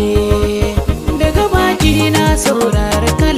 Eh, daga baki na saurari kala